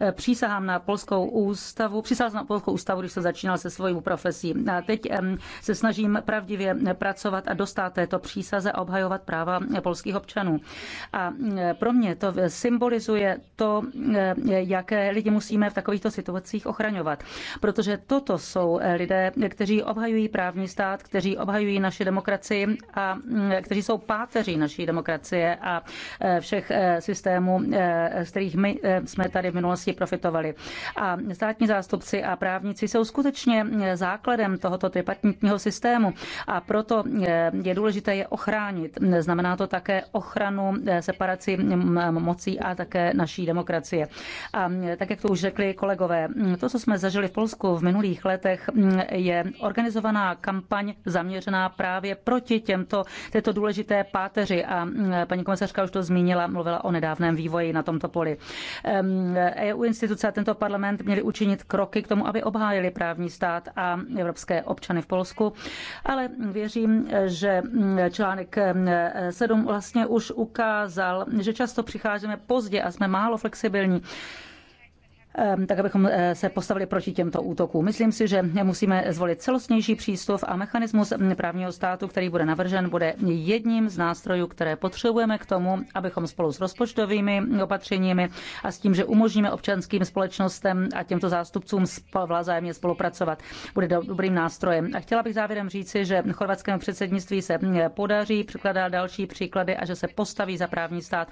Eh, přísahám na polskou ústavu, přísahám na polskou ústavu, když jsem začínal se svou profesí. A teď se snažím pravdivě pracovat a dostat této přísaze a obhajovat práva eh, polských občanů. A eh, pro mě to symbolizuje to, jaké lidi musíme v takovýchto situacích ochraňovat. Protože toto jsou lidé, kteří obhajují právní stát, kteří obhajují naši demokracii a kteří jsou páteří naší demokracie a všech systémů, z kterých my jsme tady v minulosti společnosti profitovali. A státní zástupci a právníci jsou skutečně základem tohoto tripartitního systému a proto je důležité je ochránit. Znamená to také ochranu eh, separaci mocí a také naší demokracie. A eh, tak, jak to už řekli kolegové, mm, to, co jsme zažili v Polsku v minulých letech, mm, je organizovaná kampaň zaměřená právě proti těmto, této důležité páteři. A mm, paní komisařka už to zmínila, mluvila o nedávném vývoji na tomto poli. Eh, EU instituce a tento parlament měli učinit kroky k tomu, aby obhájili právní stát a evropské občany v Polsku. Ale věřím, že článek 7 eh, vlastně už ukázal, že často přicházíme pozdě a jsme málo flexibilní. Ehm, tak abychom eh, se postavili proti těmto útokům. Myslím si, že musíme zvolit celostnější přístup a mechanismus mm, právního státu, který bude navržen, bude jedním z nástrojů, které potřebujeme k tomu, abychom spolu s rozpočtovými opatřeními a s tím, že umožníme občanským společnostem a těmto zástupcům vzájemně spolupracovat, bude dobrým nástrojem. A chtěla bych závěrem říci, že chorvatskému předsednictví se mm, podaří, překládat další příklady a že se postaví za právní stát.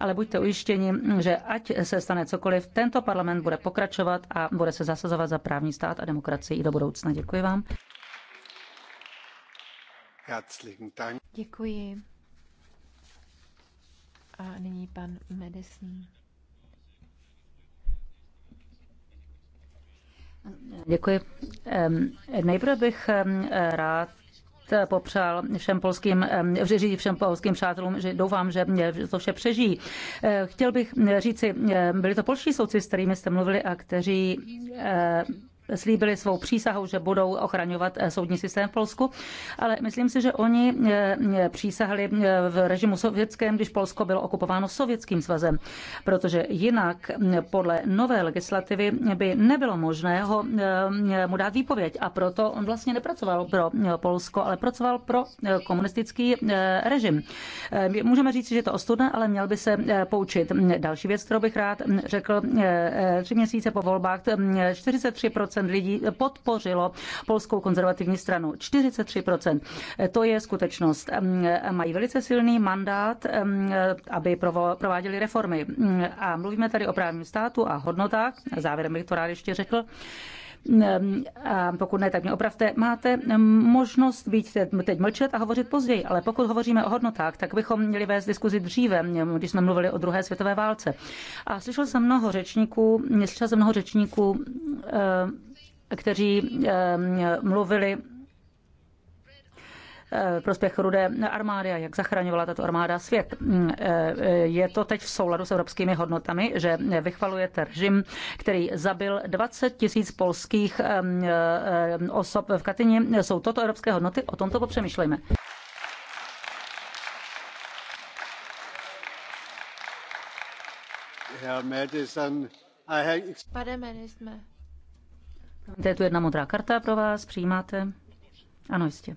Ale buďte ujištěni, že ať se stane cokoliv, tento parlament bude pokračovat a bude se zasazovat za právní stát a demokracii i do budoucna. Děkuji vám. Děkuji. A nyní pan Medicine. Děkuji. Nejprve bych rád popřál všem polským, eh, říct všem polským přátelům, že doufám, že to vše přežijí. Eh, chtěl bych eh, říci, byli to polští soudci, s kterými jste mluvili a kteří slíbili svou přísahou, že budou ochraňovat eh, soudní systém v Polsku, ale myslím si, že oni eh, eh, přísahli v režimu sovětském, když Polsko bylo okupováno sovětským svazem, protože jinak podle nové legislativy by nebylo možné ho, mu dát výpověď a proto on vlastně nepracoval pro Polsko, ale pracoval pro komunistický režim. Můžeme říct, že je to ostudné, ale měl by se poučit. Další věc, kterou bych rád hm, řekl, tři měsíce po volbách 43 hm, lidí podpořilo polskou konzervativní stranu. 43%. To je skutečnost. Mají velice silný mandát, aby prováděli reformy. A mluvíme tady o právním státu a hodnotách. Závěrem bych to rád ještě řekl pokud ne, tak mě opravte, máte možnost být teď mlčet a hovořit později, ale pokud hovoříme o hodnotách, tak bychom měli vést diskuzi dříve, když jsme mluvili o druhé světové válce. A slyšel jsem mnoho řečníků, slyšel jsem mnoho řečníků, kteří mluvili Eh, prospěch rudé armády a jak zachraňovala tato armáda svět. Mm, eh, je to teď v souladu s evropskými hodnotami, že vychvalujete režim, který zabil 20 tisíc polských eh, osob v Katyni. Jsou toto evropské hodnoty? O tomto popřemýšlejme. Pane To je tu jedna modrá karta pro vás, přijímáte? Ano, jistě.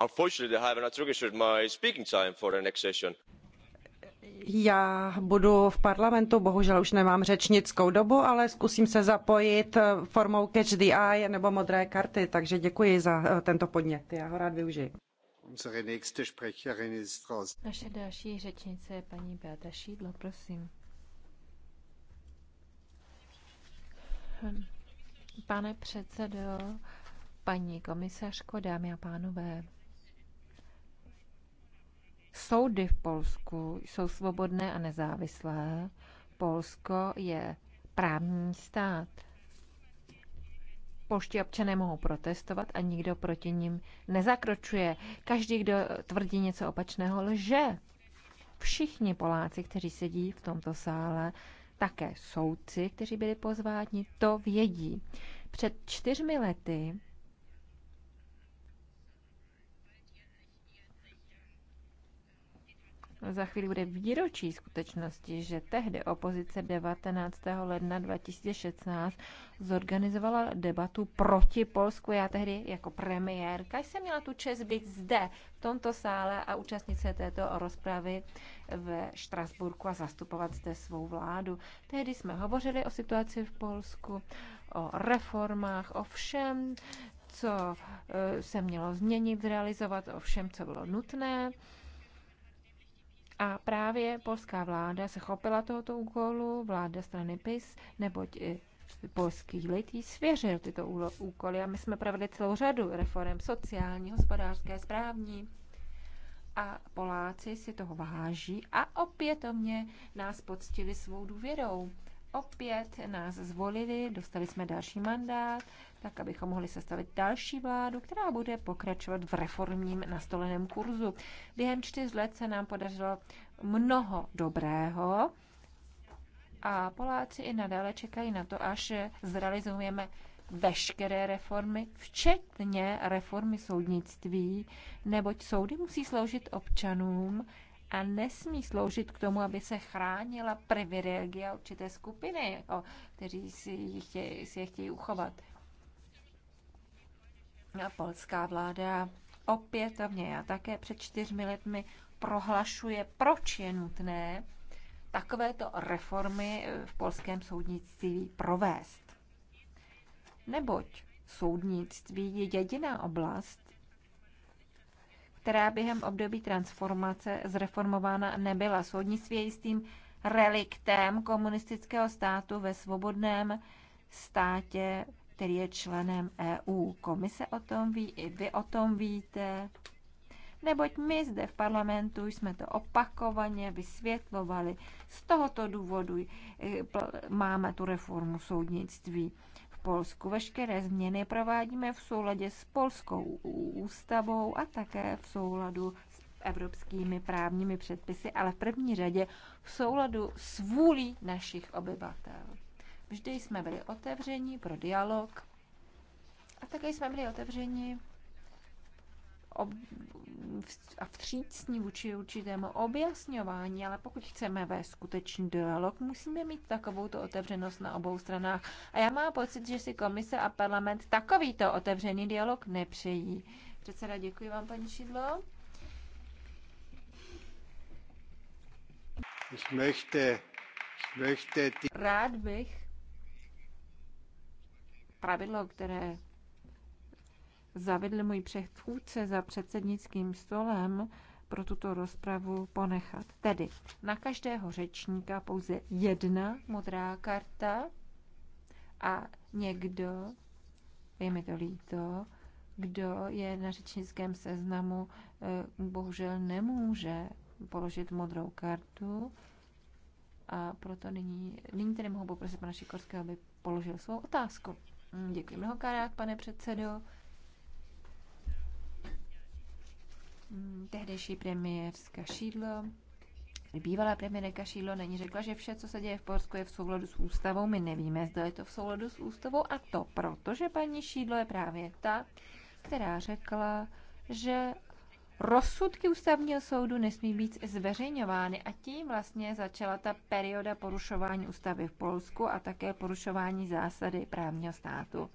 Unfortunately, I have not registered my speaking time for the next session. Já budu v parlamentu, bohužel už nemám řečnickou dobu, ale zkusím se zapojit formou Catch the Eye nebo modré karty, takže děkuji za eh, tento podnět. Já ho rád využiji. Naše další řečnice je paní Beata Šídlo, prosím. Hm. Pane předsedo, paní komisařko, dámy a pánové, Soudy v Polsku jsou svobodné a nezávislé. Polsko je právní stát. Polští občané mohou protestovat a nikdo proti ním nezakročuje. Každý, kdo tvrdí něco opačného, lže. Všichni Poláci, kteří sedí v tomto sále, také soudci, kteří byli pozváni, to vědí. Před čtyřmi lety za chvíli bude výročí skutečnosti, že tehdy opozice 19. ledna 2016 zorganizovala debatu proti Polsku. Já tehdy jako premiérka jsem měla tu čest být zde, v tomto sále a účastnit se této rozpravy ve Štrasburku a zastupovat zde svou vládu. Tehdy jsme hovořili o situaci v Polsku, o reformách, o všem, co eh, se mělo změnit, zrealizovat, o všem, co bylo nutné. A právě polská vláda se chopila tohoto úkolu, vláda strany PIS, neboť i e, polský lid jí svěřil tyto úkoly a my jsme provedli celou řadu reform sociální, hospodářské, správní a Poláci si toho váží a opětovně nás poctili svou důvěrou opět nás zvolili, dostali jsme další mandát, tak abychom mohli sestavit další vládu, která bude pokračovat v reformním nastoleném kurzu. Během čtyř let se nám podařilo mnoho dobrého a Poláci i nadále čekají na to, až zrealizujeme veškeré reformy, včetně reformy soudnictví, neboť soudy musí sloužit občanům a nesmí sloužit k tomu, aby se chránila privilegia určité skupiny, o, jako, kteří si, chtějí, si je chtějí uchovat. A polská vláda opětovně a také před čtyřmi letmi prohlašuje, proč je nutné takovéto reformy v polském soudnictví provést. Neboť soudnictví je jediná oblast, která během období transformace zreformována nebyla. Soudnictví je jistým reliktem komunistického státu ve svobodném státě, který je členem EU. Komise o tom ví, i vy o tom víte, neboť my zde v parlamentu jsme to opakovaně vysvětlovali. Z tohoto důvodu eh, máme tu reformu soudnictví. Polsku. Veškeré změny provádíme v souladě s polskou ústavou a také v souladu s evropskými právními předpisy, ale v první řadě v souladu s vůlí našich obyvatel. Vždy jsme byli otevření pro dialog a také jsme byli otevření ob, a vstřícní vůči určitému objasňování, ale pokud chceme vést skutečný dialog, musíme mít takovou tu otevřenost na obou stranách. A já mám pocit, že si komise a parlament takovýto otevřený dialog nepřejí. Předseda, děkuji vám, paní Šidlo. Ich möchte, ich Rád bych pravidlo, které zavedl můj předchůdce za předsednickým stolem, pro tuto rozpravu ponechat. Tedy na každého řečníka pouze jedna modrá karta a někdo, je mi to líto, kdo je na řečnickém seznamu, eh, bohužel nemůže položit modrou kartu a proto nyní, nyní tedy mohu poprosit pana Šikorského, aby položil svou otázku. Děkuji mnohokrát, pane předsedo. Mm, tehdejší z Kašídlo, bývalá premiérka Šídlo, není řekla, že vše, co se děje v Polsku, je v souladu s ústavou. My nevíme, zda je to v souladu s ústavou a to proto, že paní Šídlo je právě ta, která řekla, že rozsudky ústavního soudu nesmí být zveřejňovány a tím vlastně začala ta perioda porušování ústavy v Polsku a také porušování zásady právního státu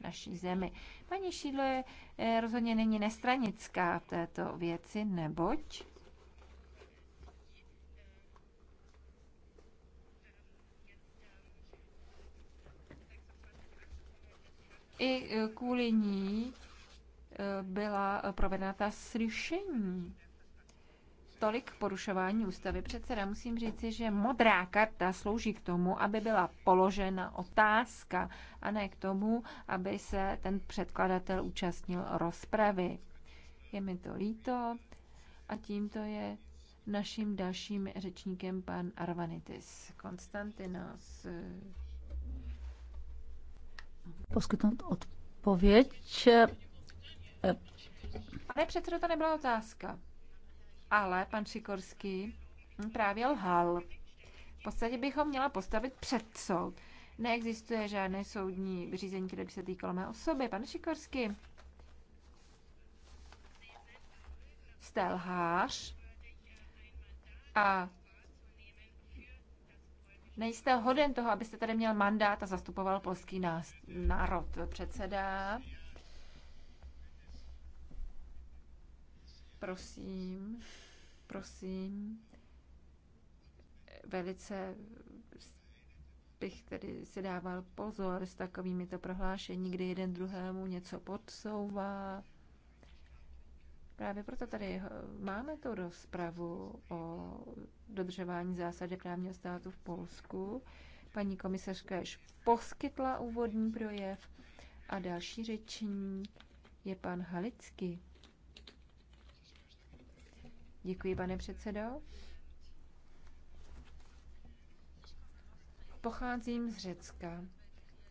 naší zemi. Paní Šídlo je eh, rozhodně není nestranická v této věci, neboť i eh, kvůli ní eh, byla provedena ta slyšení tolik porušování ústavy předseda, musím říci, že modrá karta slouží k tomu, aby byla položena otázka a ne k tomu, aby se ten předkladatel účastnil rozpravy. Je mi to líto a tímto je naším dalším řečníkem pan Arvanitis Konstantinos. Poskytnout odpověď. Pane předsedo, to nebyla otázka ale pan Šikorský hm, právě lhal. V podstatě bychom měla postavit před soud. Neexistuje žádné soudní řízení, které by se týkalo mé osoby. Pane Šikorský, jste lhář a nejste hoden toho, abyste tady měl mandát a zastupoval polský národ. Předseda. Prosím, prosím, velice bych tedy si dával pozor s takovými to prohlášení, kdy jeden druhému něco podsouvá. Právě proto tady máme tu rozpravu o dodržování zásady právního státu v Polsku. Paní komisařka již poskytla úvodní projev a další řečník je pan Halický. Děkuji, pane předsedo. Pocházím z Řecka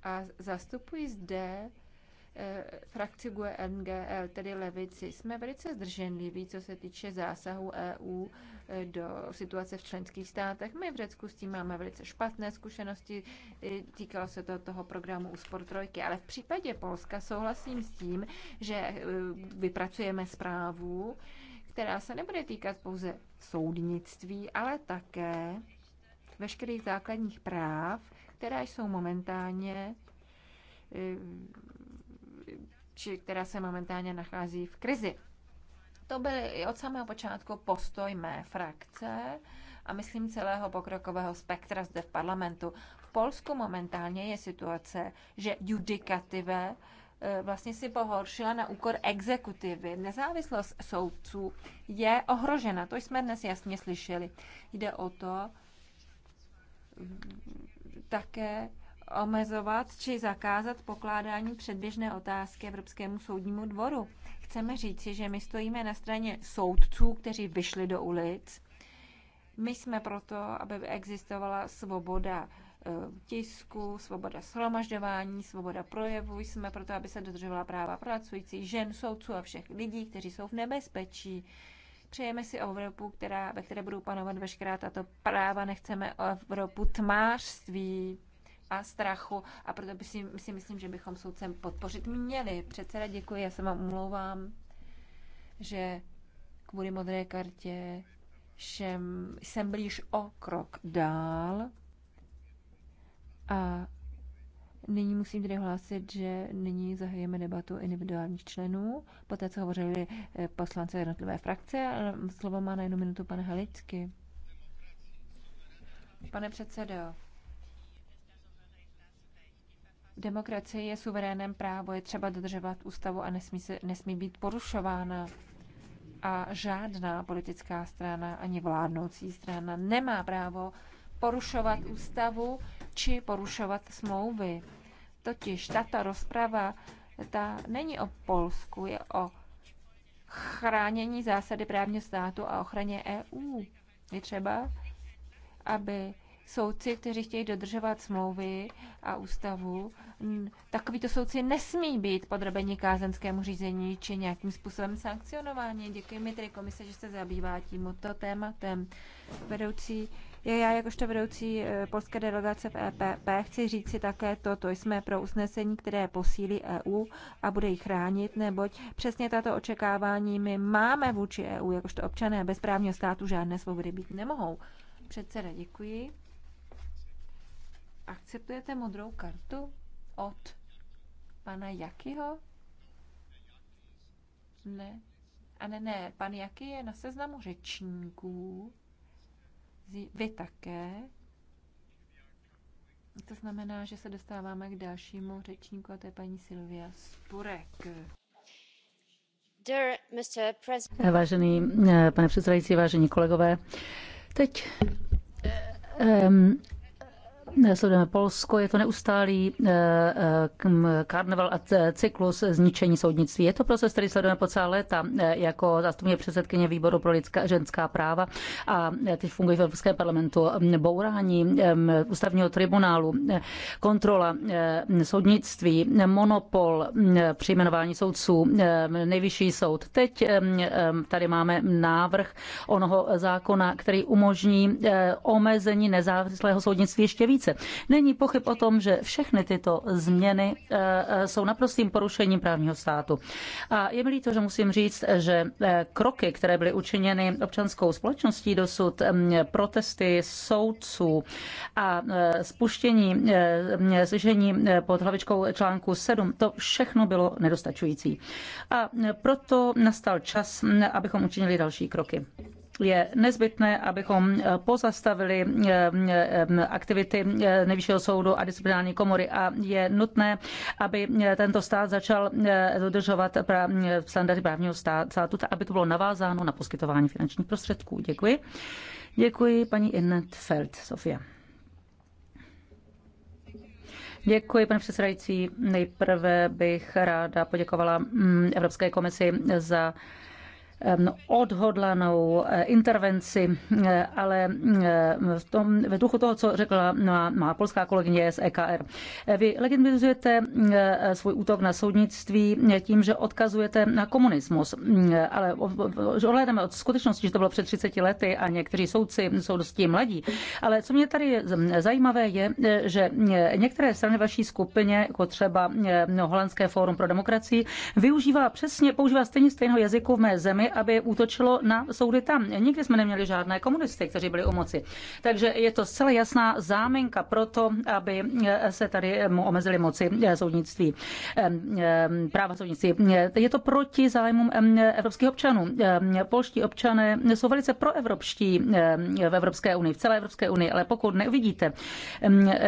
a zastupuji zde eh, frakci GUE NGL, tedy levici, jsme velice zdrženliví, co se týče zásahu EU eh, do situace v členských státech. My v Řecku s tím máme velice špatné zkušenosti, týkalo se to toho programu Úspor trojky, ale v případě Polska souhlasím s tím, že eh, vypracujeme zprávu, která se nebude týkat pouze soudnictví, ale také veškerých základních práv, která jsou momentálně eh, či která se momentálně nachází v krizi. To byl od samého počátku postoj mé frakce a myslím celého pokrokového spektra zde v parlamentu. V Polsku momentálně je situace, že judikative Eh, vlastně si pohoršila na úkor exekutivy. Nezávislost soudců je ohrožena, to jsme dnes jasně slyšeli. Jde o to také omezovat či zakázat pokládání předběžné otázky Evropskému soudnímu dvoru. Chceme říci, že my stojíme na straně soudců, kteří vyšli do ulic. My jsme proto, aby existovala svoboda Eh, tisku, svoboda shromažďování, svoboda projevu. Jsme proto, aby se dodržovala práva pracujících žen, soudců a všech lidí, kteří jsou v nebezpečí. Přejeme si Evropu, která, ve které budou panovat veškerá tato práva. Nechceme Evropu tmářství a strachu a proto by si, si myslím, že bychom soudcem podpořit měli. Předseda, děkuji, já se vám umlouvám, že kvůli modré kartě jsem, jsem blíž o krok dál. A nyní musím tedy hlásit, že nyní zahajeme debatu individuálních členů, poté co hovořili eh, poslance jednotlivé frakce, ale slovo má na jednu minutu pan Halicky. Pane předsedo, demokracie je suverénem právo, je třeba dodržovat ústavu a nesmí, se, nesmí být porušována. A žádná politická strana ani vládnoucí strana nemá právo porušovat ústavu či porušovat smlouvy. Totiž tato rozprava ta není o Polsku, je o chránění zásady právního státu a ochraně EU. Je třeba, aby soudci, kteří chtějí dodržovat smlouvy a ústavu, takovýto soudci nesmí být podrobeni kázenskému řízení či nějakým způsobem sankcionování. Děkuji mi tedy komise, že se zabývá tímto tématem. Vedoucí já jakožto vedoucí eh, polské delegace v EPP chci říct si také to, to jsme pro usnesení, které posílí EU a bude ji chránit, neboť přesně tato očekávání my máme vůči EU, jakožto občané bez právního státu žádné svobody být nemohou. Předseda, děkuji. Akceptujete modrou kartu od pana Jakyho? Ne. A ne, ne, pan Jaký je na seznamu řečníků vy také. To znamená, že se dostáváme k dalšímu řečníku, a to je paní Silvia Spurek. Vážený eh, pane předsedající, vážení kolegové, teď um, sledujeme Polsko, je to neustálý eh, eh, karneval a cyklus zničení soudnictví. Je to proces, který sledujeme po celé léta eh, jako zástupně předsedkyně výboru pro lidská ženská práva a teď fungují v Evropském parlamentu bourání ústavního tribunálu, kontrola soudnictví, monopol při jmenování soudců, nejvyšší soud. Teď tady máme návrh onoho zákona, který umožní omezení nezávislého soudnictví ještě víc více. Není pochyb o tom, že všechny tyto změny eh, eh, jsou naprostým porušením právního státu. A je mi líto, že musím říct, že eh, kroky, které byly učiněny občanskou společností dosud, mm, protesty soudců a spuštění slyšení pod hlavičkou článku 7, to všechno bylo nedostačující. A proto nastal čas, mm, abychom učinili další kroky je nezbytné, abychom eh, pozastavili eh, eh, aktivity nejvyššího soudu a disciplinární komory a je nutné, aby tento stát začal dodržovat standardy právního státu, aby to bylo navázáno na poskytování finančních prostředků. Děkuji. Děkuji paní Feld, Sofia. Děkuji, pane předsedající. Nejprve bych ráda poděkovala mm, Evropské komisi za odhodlanou eh, intervenci, eh, ale eh, v, tom, v duchu toho, co řekla má, má polská kolegyně z EKR. Vy legitimizujete svůj útok na soudnictví tím, že odkazujete na komunismus, ale ohledeme od skutečnosti, že to bylo před 30 lety a někteří soudci jsou dosti mladí. Ale co mě tady zajímavé je, že některé strany vaší skupině, jako třeba Holandské fórum pro demokracii, využívá přesně, používá stejně stejného jazyku v mé zemi aby útočilo na soudy tam. Nikdy jsme neměli žádné komunisty, kteří byli u moci. Takže je to zcela jasná záminka pro to, aby se tady omezili moci eh, soudnictví, eh, eh, práva soudnictví. Je to proti zájmům evropských občanů. Polští občané jsou velice proevropští v Evropské unii, v celé Evropské unii, ale pokud neuvidíte,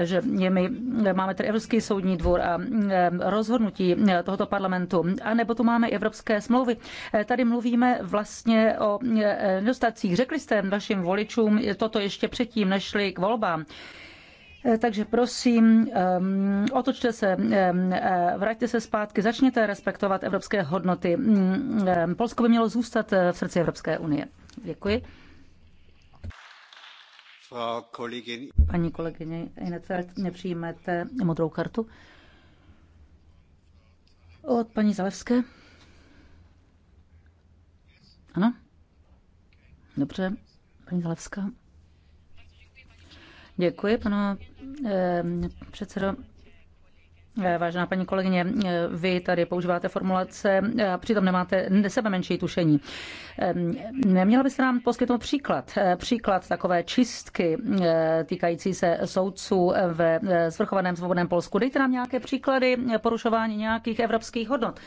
že my máme tady Evropský soudní dvůr a rozhodnutí tohoto parlamentu, anebo tu máme evropské smlouvy, tady mluvíme vlastně o e, nedostacích. Řekli jste vašim voličům toto ještě předtím, než šli k volbám. E, takže prosím, otočte se, e, vraťte se zpátky, začněte respektovat evropské hodnoty. Polsko by mělo zůstat v srdci Evropské unie. Děkuji. Paní kolegyně Inetfeld, nepřijmete modrou kartu? Od paní Zalevské. Ano? Dobře, paní Zalevská. Děkuji, pane eh, předsedo. Eh, vážená paní kolegyně, eh, vy tady používáte formulace eh, a přitom nemáte sebe menší tušení. Neměla byste nám poskytnout příklad, příklad takové čistky týkající se soudců ve svrchovaném svobodném Polsku. Dejte nám nějaké příklady porušování nějakých evropských hodnot.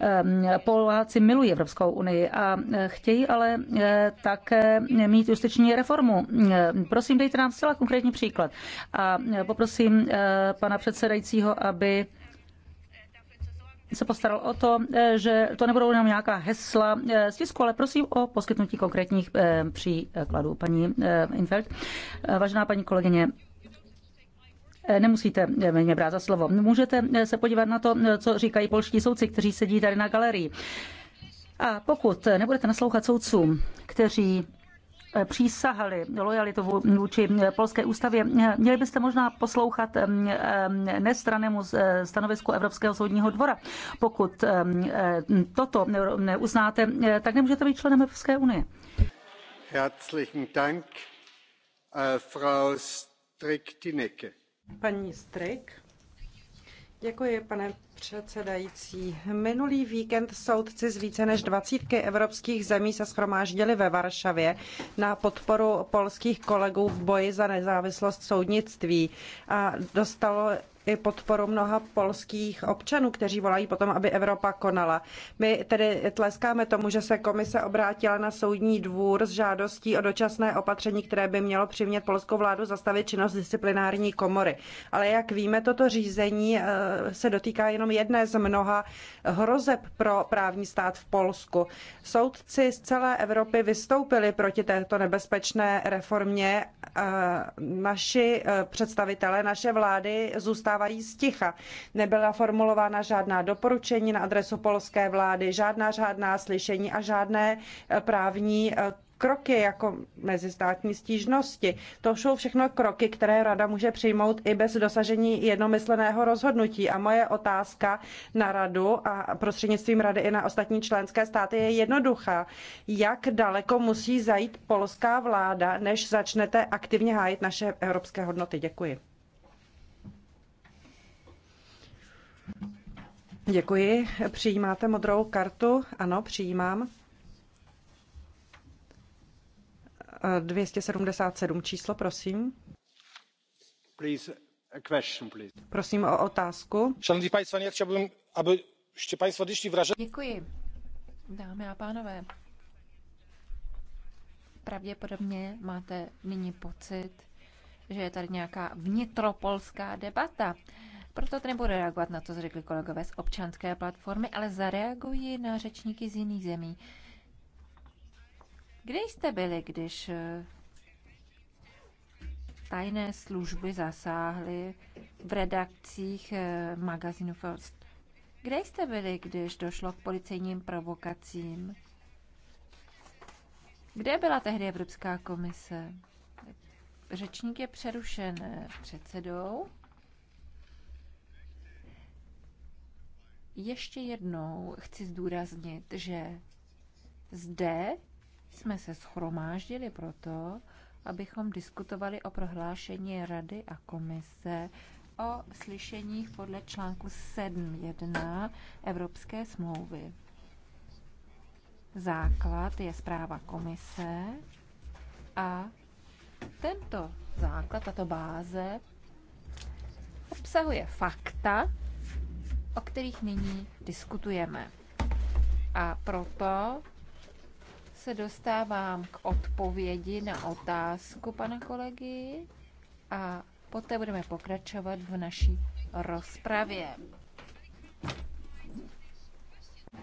Ehm, Poláci milují Evropskou unii a eh, chtějí ale eh, také mít justiční reformu. Ehm, prosím, dejte nám zcela konkrétní příklad. A eh, poprosím pana předsedajícího, aby se postaral o to, že to nebudou jenom nějaká hesla z tisku, ale prosím o poskytnutí konkrétních příkladů. Paní Infeld, vážená paní kolegyně, nemusíte mě brát za slovo. Můžete se podívat na to, co říkají polští soudci, kteří sedí tady na galerii. A pokud nebudete naslouchat soudcům, kteří přísahali lojalitu vůči polské ústavě. Měli byste možná poslouchat nestranému stanovisku Evropského soudního dvora. Pokud toto neuznáte, tak nemůžete být členem Evropské unie. Herzlichen Dank, äh, Frau Strick-Tinecke Paní Strik. Děkuji, pane předsedající. Minulý víkend soudci z více než dvacítky evropských zemí se schromáždili ve Varšavě na podporu polských kolegů v boji za nezávislost soudnictví a dostalo i podporu mnoha polských občanů, kteří volají potom, aby Evropa konala. My tedy tleskáme tomu, že se komise obrátila na soudní dvůr s žádostí o dočasné opatření, které by mělo přimět polskou vládu zastavit činnost disciplinární komory. Ale jak víme, toto řízení eh, se dotýká jenom jedné z mnoha hrozeb pro právní stát v Polsku. Soudci z celé Evropy vystoupili proti této nebezpečné reformě. Eh, naši eh, představitelé, naše vlády zůstávají nechávají sticha. Nebyla formulována žádná doporučení na adresu polské vlády, žádná žádná slyšení a žádné eh, právní eh, kroky jako mezistátní stížnosti. To jsou všechno kroky, které rada může přijmout i bez dosažení jednomysleného rozhodnutí. A moje otázka na radu a prostřednictvím rady i na ostatní členské státy je jednoduchá. Jak daleko musí zajít polská vláda, než začnete aktivně hájit naše evropské hodnoty? Děkuji. Děkuji. Přijímáte modrou kartu? Ano, přijímám. 277 eh, číslo, prosím. Please, a question, please. Prosím o otázku. Szanowni Państwo, ja chciałbym, abyście Państwo odnieśli wrażenie... Děkuji. Dámy a pánové, pravděpodobně máte nyní pocit, že je tady nějaká vnitropolská debata. Proto to nebudu reagovat na to, co řekli kolegové z občanské platformy, ale zareaguji na řečníky z jiných zemí. Kde jste byli, když eh, tajné služby zasáhly v redakcích eh, magazínu First? Kde jste byli, když došlo k policejním provokacím? Kde byla tehdy Evropská komise? Řečník je přerušen eh, předsedou. ještě jednou chci zdůraznit, že zde jsme se schromáždili proto, abychom diskutovali o prohlášení Rady a Komise o slyšeních podle článku 7.1 Evropské smlouvy. Základ je zpráva komise a tento základ, tato báze obsahuje fakta, o kterých nyní diskutujeme. A proto se dostávám k odpovědi na otázku pana kolegy a poté budeme pokračovat v naší rozpravě.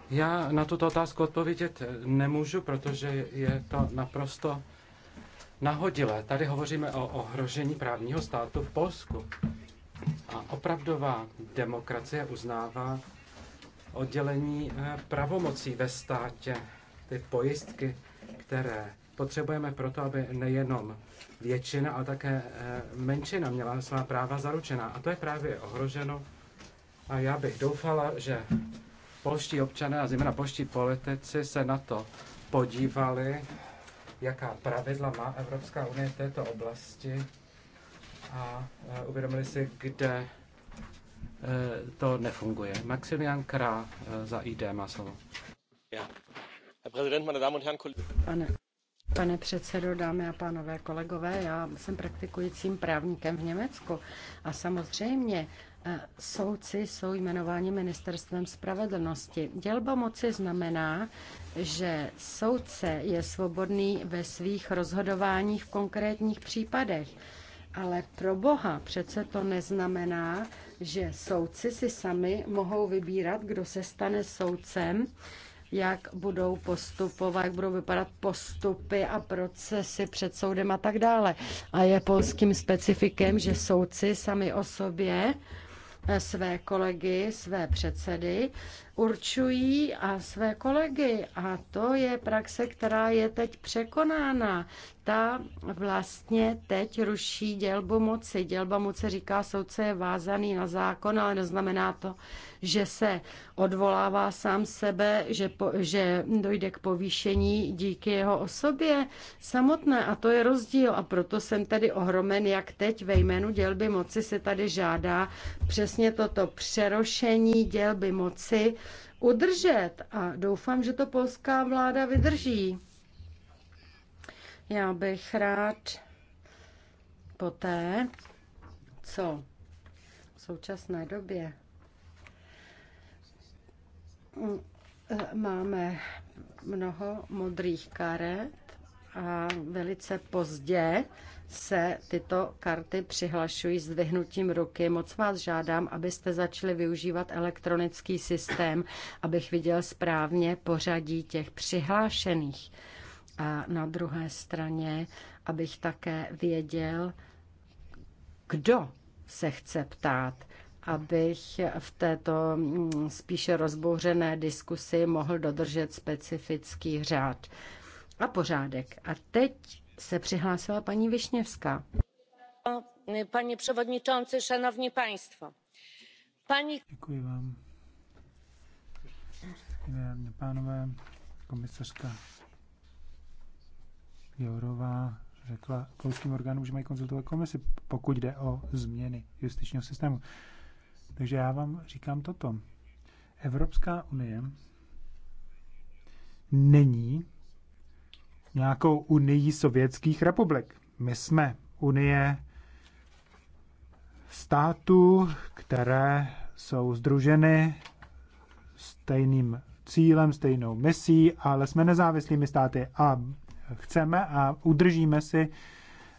Já na tuto otázku odpovědět nemůžu, protože je to naprosto nahodilé. Tady hovoříme o ohrožení právního státu v Polsku. A opravdová demokracie uznává oddělení eh, pravomocí ve státě, ty pojistky, které potřebujeme proto, aby nejenom většina, ale také eh, menšina měla svá práva zaručená. A to je právě ohroženo. A já bych doufala, že polští občané a zejména polští politici se na to podívali, jaká pravidla má Evropská unie v této oblasti a e, uvědomili si, kde e, to nefunguje. Maximilian uh, za ID má slovo. Ja. Pane. Pane předsedo, dámy a pánové kolegové, já jsem praktikujícím právníkem v Německu a samozřejmě soudci jsou jmenováni ministerstvem spravedlnosti. Dělba moci znamená, že soudce je svobodný ve svých rozhodováních v konkrétních případech ale pro boha přece to neznamená, že soudci si sami mohou vybírat, kdo se stane soudcem, jak budou postupovat, jak budou vypadat postupy a procesy před soudem a tak dále. A je polským specifikem, že soudci sami o sobě eh, své kolegy, své předsedy určují a své kolegy. A to je praxe, která je teď překonána. Ta vlastně teď ruší dělbu moci. Dělba moci říká, soudce je vázaný na zákon, ale neznamená to, že se odvolává sám sebe, že, po, že dojde k povýšení díky jeho osobě samotné. A to je rozdíl. A proto jsem tady ohromen, jak teď ve jménu dělby moci se tady žádá přesně toto přerošení dělby moci udržet a doufám, že to polská vláda vydrží. Já bych rád poté, co v současné době eh, máme mnoho modrých karet a velice pozdě se tyto karty přihlašují s vyhnutím ruky. Moc vás žádám, abyste začali využívat elektronický systém, abych viděl správně pořadí těch přihlášených. A na druhé straně, abych také věděl, kdo se chce ptát, abych v této mm, spíše rozbouřené diskusi mohl dodržet specifický řád a pořádek. A teď se přihlásila paní Višněvská. Pane předsedající, šanovní państwo. Pani... Děkuji vám. Dámy pánové, komisařka Jourová řekla polským orgánům, že mají konzultovat komisi, pokud jde o změny justičního systému. Takže já vám říkám toto. Evropská unie není nějakou unii sovětských republik. My jsme unie států, které jsou združeny stejným cílem, stejnou misí, ale jsme nezávislými státy a chceme a udržíme si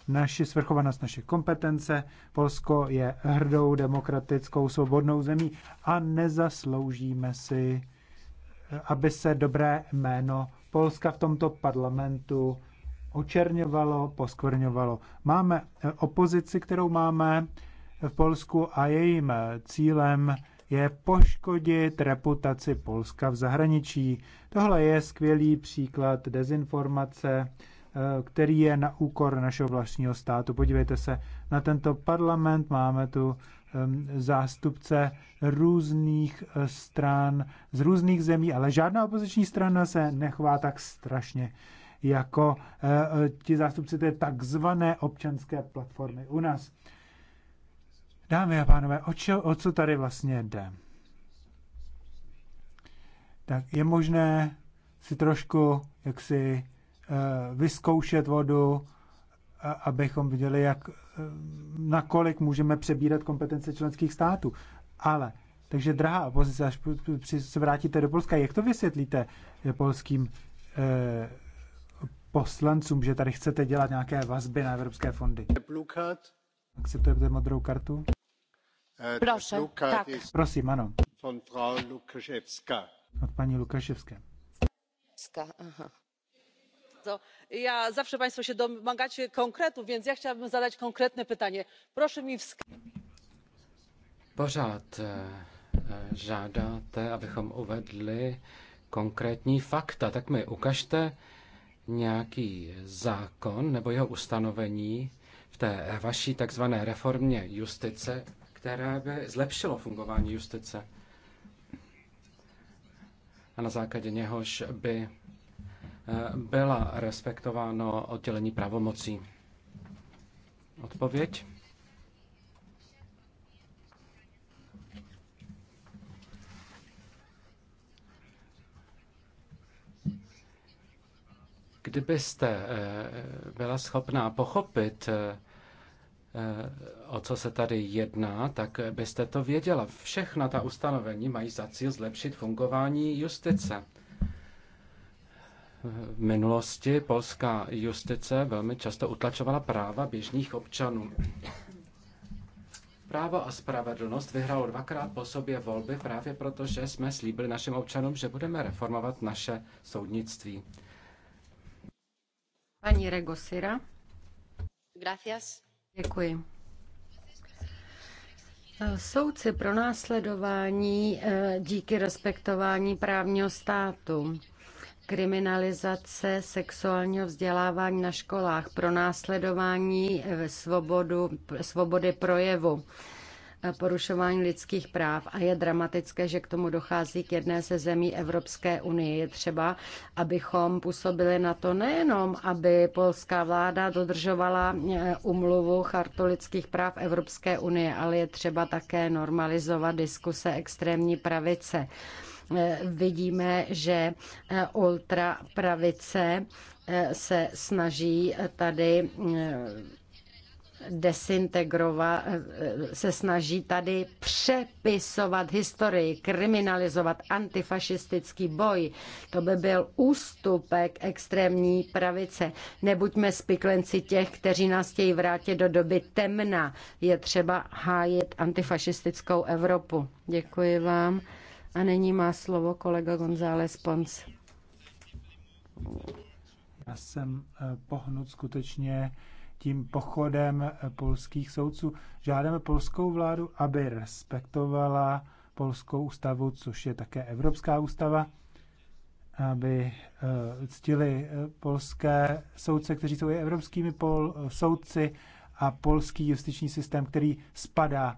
naši svrchovanost, naše kompetence. Polsko je hrdou, demokratickou, svobodnou zemí a nezasloužíme si, aby se dobré jméno Polska v tomto parlamentu očerňovalo, poskvrňovalo. Máme eh, opozici, kterou máme v Polsku a jejím eh, cílem je poškodit reputaci Polska v zahraničí. Tohle je skvělý příklad dezinformace, eh, který je na úkor našeho vlastního státu. Podívejte se na tento parlament, máme tu zástupce různých eh, stran z různých zemí, ale žádná opoziční strana se nechová tak strašně jako eh, eh, ti zástupci té takzvané občanské platformy u nás. Dámy a pánové, o, čo, o co tady vlastně jde? Tak je možné si trošku jaksi vyzkoušet vodu, abychom viděli, jak, eh, nakolik můžeme přebírat kompetence členských států. Ale, takže drahá opozice, až se vrátíte do Polska, jak to vysvětlíte eh, polským eh, poslancům, že tady chcete dělat nějaké vazby na evropské fondy? Akceptujete modrou kartu? Prosím, tak. Prosím, ano. Od paní Lukaševské. Aha zawsze państwo się domagacie konkretów więc já chciałabym zadać konkrétní pytanie. mi pořád e, e, žádáte abychom uvedli konkrétní fakta tak mi ukažte nějaký zákon nebo jeho ustanovení v té vaší takzvané reformě justice, které by zlepšilo fungování justice a na základě něhož by Eh, byla respektováno oddělení pravomocí. Odpověď? Kdybyste eh, byla schopná pochopit, eh, o co se tady jedná, tak byste to věděla. Všechna ta ustanovení mají za cíl zlepšit fungování justice. V minulosti polská justice velmi často utlačovala práva běžných občanů. Právo a spravedlnost vyhrálo dvakrát po sobě volby právě proto, že jsme slíbili našim občanům, že budeme reformovat naše soudnictví. Paní Regosira. Gracias. Děkuji. Soudci pro následování eh, díky respektování právního státu kriminalizace sexuálního vzdělávání na školách, pro následování eh, svobodu, svobody projevu, eh, porušování lidských práv a je dramatické, že k tomu dochází k jedné ze zemí Evropské unie. Je třeba, abychom působili na to nejenom, aby polská vláda dodržovala eh, umluvu chartu lidských práv Evropské unie, ale je třeba také normalizovat diskuse extrémní pravice Eh, vidíme, že eh, ultrapravice eh, se snaží tady desintegrovat, se snaží tady přepisovat historii, kriminalizovat antifašistický boj. To by byl ústupek extrémní pravice. Nebuďme spiklenci těch, kteří nás chtějí vrátit do doby temna. Je třeba hájit antifašistickou Evropu. Děkuji vám. A nyní má slovo kolega González Pons. Já jsem eh, pohnut skutečně tím pochodem eh, polských soudců. Žádáme polskou vládu, aby respektovala polskou ústavu, což je také Evropská ústava, aby eh, ctili polské soudce, kteří jsou i evropskými pol, soudci a polský justiční systém, který spadá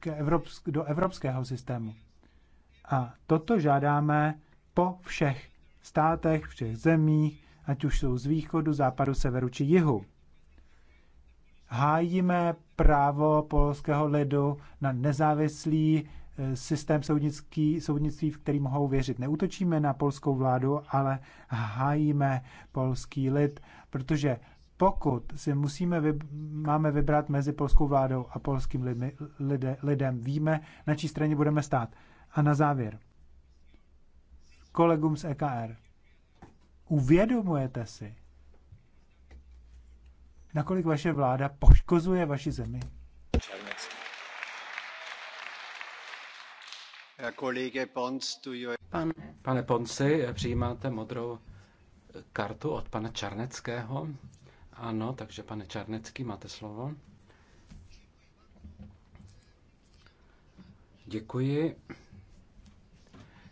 k evropsk, do evropského systému. A toto žádáme po všech státech, všech zemích, ať už jsou z východu, západu, severu či jihu. Hájíme právo polského lidu na nezávislý eh, systém soudnický, soudnictví, v který mohou věřit. Neutočíme na polskou vládu, ale hájíme polský lid, protože pokud si musíme, máme vybrat mezi polskou vládou a polským lidmi, lidem, víme, na čí straně budeme stát. A na závěr. Kolegům z EKR. Uvědomujete si, nakolik vaše vláda poškozuje vaši zemi? Pan, pane Ponci, přijímáte modrou kartu od pana Čarneckého? Ano, takže pane Čarnecký, máte slovo. Děkuji.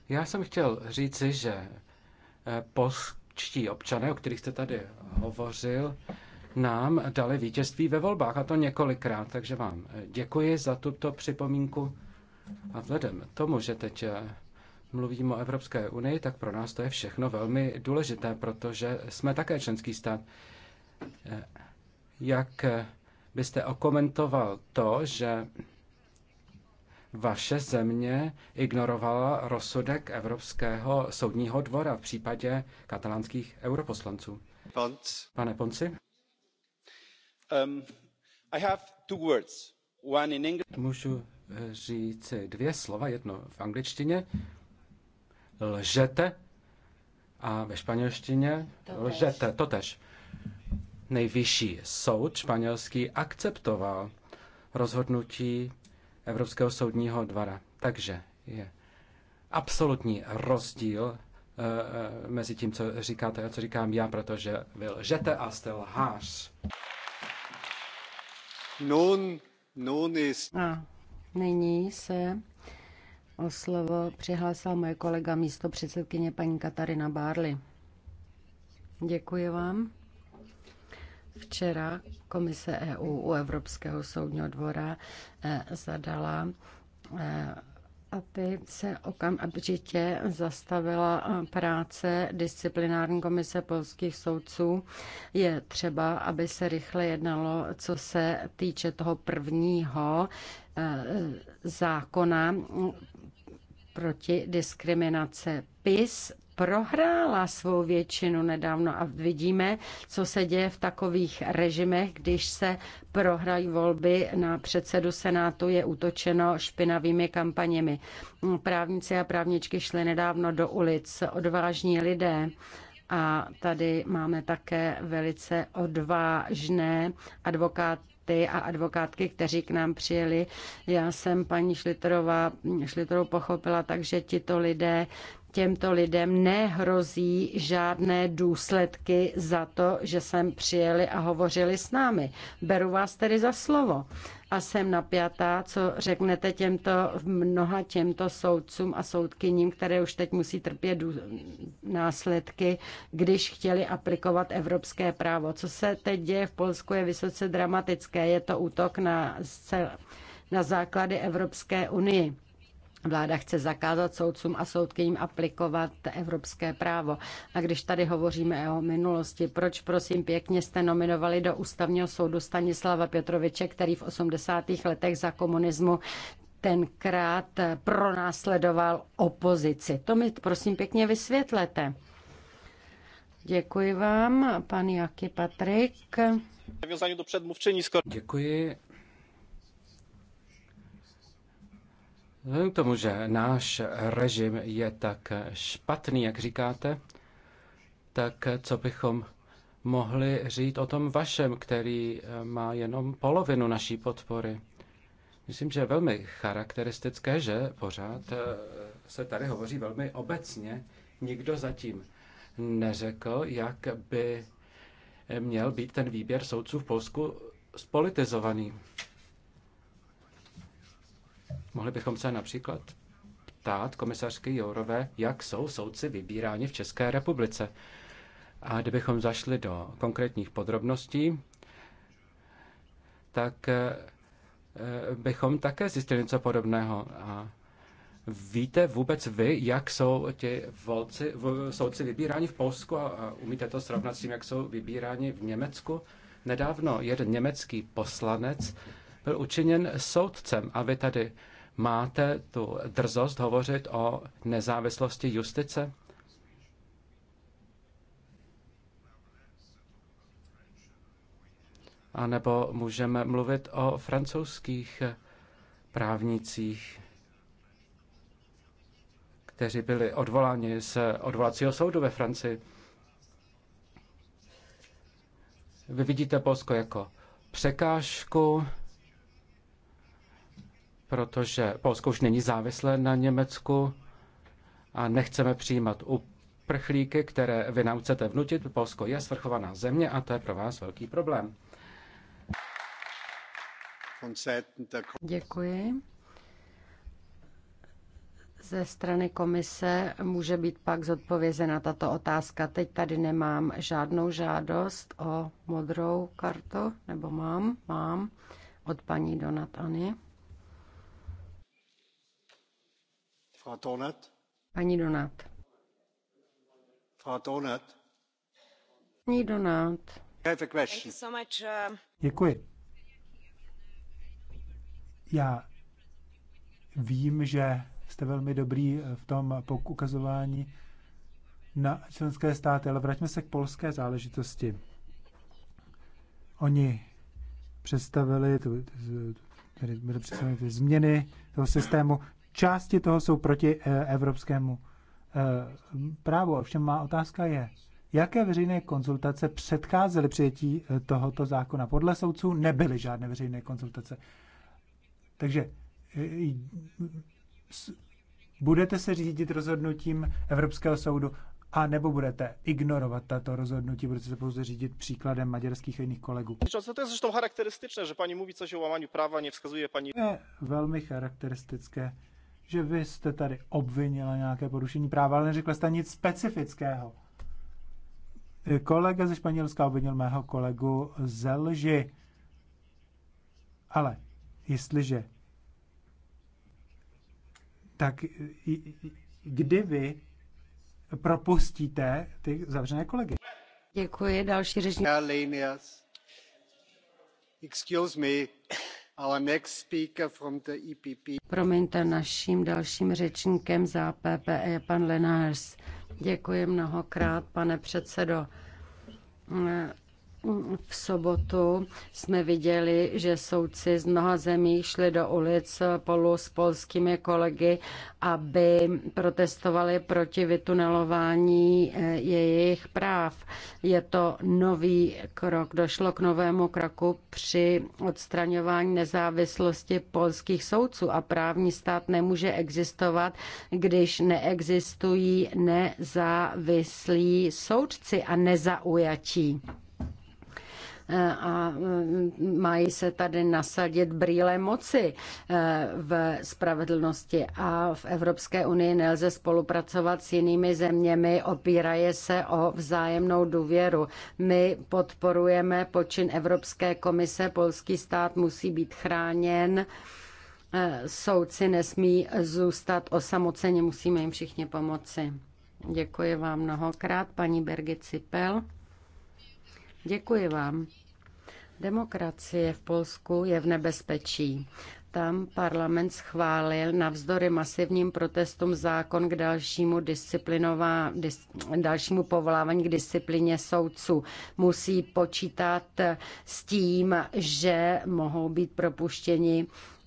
Já jsem chtěl říci, že eh, polští občané, o kterých jste tady hovořil, nám dali vítězství ve volbách, a to několikrát, takže vám eh, děkuji za tuto připomínku. A vzhledem tomu, že teď eh, mluvíme o Evropské unii, tak pro nás to je všechno velmi důležité, protože jsme také členský stát. Jak byste okomentoval to, že vaše země ignorovala rozsudek Evropského soudního dvora v případě katalánských europoslanců. Ponc. Pane Ponci? Um, I have two words. One in English. Můžu eh, říct dvě slova, jedno v angličtině. Lžete a ve španělštině to lžete, totež. to Nejvyšší soud španělský akceptoval rozhodnutí Evropského soudního dvora. Takže je absolutní rozdíl eh, eh, mezi tím, co říkáte a co říkám já, protože vy lžete a jste lhář. Nun, nun is... A nyní se o slovo přihlásil moje kolega místo předsedkyně paní Katarina Bárly. Děkuji vám. Včera Komise EU u Evropského soudního dvora eh, zadala eh, aby se okamžitě zastavila eh, práce disciplinární komise polských soudců. Je třeba, aby se rychle jednalo, co se týče toho prvního zákona proti diskriminace PIS prohrála svou většinu nedávno a vidíme, co se děje v takových režimech, když se prohrají volby na předsedu Senátu, je útočeno špinavými kampaněmi. Právníci a právničky šli nedávno do ulic, odvážní lidé, a tady máme také velice odvážné advokáty a advokátky, kteří k nám přijeli. Já jsem paní Šliterová, Šliterou pochopila, takže tito lidé těmto lidem nehrozí žádné důsledky za to, že sem přijeli a hovořili s námi. Beru vás tedy za slovo a jsem napjatá, co řeknete těmto, mnoha těmto soudcům a soudkyním, které už teď musí trpět následky, když chtěli aplikovat evropské právo. Co se teď děje v Polsku je vysoce dramatické. Je to útok na, na základy Evropské unie Vláda chce zakázat soudcům a soudkyním aplikovat evropské právo. A když tady hovoříme o minulosti, proč prosím pěkně jste nominovali do ústavního soudu Stanislava Petroviče, který v 80. letech za komunismu tenkrát pronásledoval opozici. To mi prosím pěkně vysvětlete. Děkuji vám, pan Jaký Patrik. Děkuji. Vzhledem k tomu, že náš režim je tak špatný, jak říkáte, tak co bychom mohli říct o tom vašem, který eh, má jenom polovinu naší podpory? Myslím, že je velmi charakteristické, že pořád eh, se tady hovoří velmi obecně. Nikdo zatím neřekl, jak by měl být ten výběr soudců v Polsku spolitizovaný. Mohli bychom se například ptát komisařky Jourové, jak jsou soudci vybíráni v České republice. A kdybychom zašli do konkrétních podrobností, tak eh, bychom také zjistili něco podobného. A víte vůbec vy, jak jsou ti volci, v, soudci vybíráni v Polsku a, a umíte to srovnat s tím, jak jsou vybíráni v Německu? Nedávno jeden německý poslanec byl učiněn soudcem a vy tady máte tu drzost hovořit o nezávislosti justice? A nebo můžeme mluvit o francouzských právnicích, kteří byli odvoláni z odvolacího soudu ve Francii. Vy vidíte Polsko jako překážku protože Polsko už není závislé na Německu a nechceme přijímat uprchlíky, které vy nám chcete vnutit. Polsko je svrchovaná země a to je pro vás velký problém. Děkuji. Ze strany komise může být pak zodpovězena tato otázka. Teď tady nemám žádnou žádost o modrou kartu, nebo mám? Mám. Od paní Donatany. Ani Donat. Paní Donát. Frau Paní Donát. Uh, Děkuji. Já vím, že jste velmi dobrý eh, v tom ukazování na členské státy, ale vraťme se k polské záležitosti. Oni představili tu, tu, tu, tu, tu, tu, tu, tu, tu změny toho systému části toho jsou proti eh, evropskému eh, právu. Ovšem má otázka je, jaké veřejné konzultace předcházely přijetí eh, tohoto zákona? Podle soudců nebyly žádné veřejné konzultace. Takže budete se řídit rozhodnutím Evropského soudu a nebo budete ignorovat tato rozhodnutí, budete se pouze řídit příkladem maďarských a jiných kolegů. To je zresztą charakteristické, že paní mluví co o lámání práva, nevzkazuje paní... Je velmi charakteristické, že vy jste tady obvinila nějaké porušení práva, ale neřekla jste nic specifického. Kolega ze Španělska obvinil mého kolegu ze lži. Ale jestliže tak kdy vy propustíte ty zavřené kolegy? Děkuji, další řečník. Excuse me. E Promiňte, naším dalším řečníkem za PPE je pan Lenárs. Děkuji mnohokrát, pane předsedo. V sobotu jsme viděli, že soudci z mnoha zemí šli do ulic spolu s polskými kolegy, aby protestovali proti vytunelování eh, jejich práv. Je to nový krok. Došlo k novému kroku při odstraňování nezávislosti polských soudců a právní stát nemůže existovat, když neexistují nezávislí soudci a nezaujatí a mm, mají se tady nasadit brýle moci e, v spravedlnosti a v Evropské unii nelze spolupracovat s jinými zeměmi, opíraje se o vzájemnou důvěru. My podporujeme počin Evropské komise, polský stát musí být chráněn, e, soudci nesmí zůstat osamoceni, musíme jim všichni pomoci. Děkuji vám mnohokrát, paní Birgit Cipel. Děkuji vám. Demokracie v Polsku je v nebezpečí. Tam parlament schválil navzdory masivním protestům zákon k dalšímu, disciplinová, dis, dalšímu povolávání k disciplině soudců. Musí počítat s tím, že mohou být propuštěni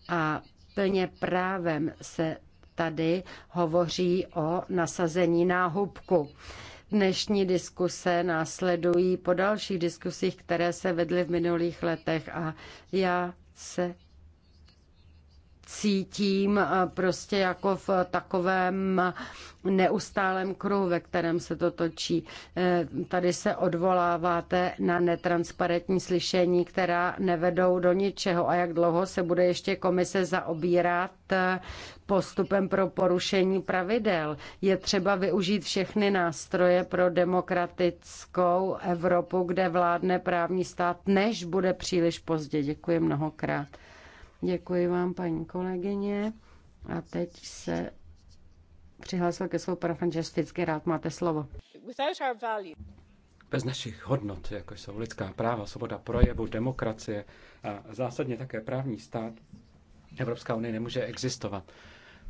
a plně právem se tady hovoří o nasazení náhubku. Na Dnešní diskuse následují po dalších diskusích, které se vedly v minulých letech a já se cítím eh, prostě jako v takovém neustálém kruhu, ve kterém se to točí. Eh, tady se odvoláváte na netransparentní slyšení, která nevedou do ničeho a jak dlouho se bude ještě komise zaobírat eh, postupem pro porušení pravidel. Je třeba využít všechny nástroje pro demokratickou Evropu, kde vládne právní stát, než bude příliš pozdě. Děkuji mnohokrát. Děkuji vám, paní kolegyně. A teď se přihlásil ke slovu pana Francesc Fitzgerald. Máte slovo. Bez našich hodnot, jako jsou lidská práva, svoboda projevu, demokracie a zásadně také právní stát, Evropská unie nemůže existovat.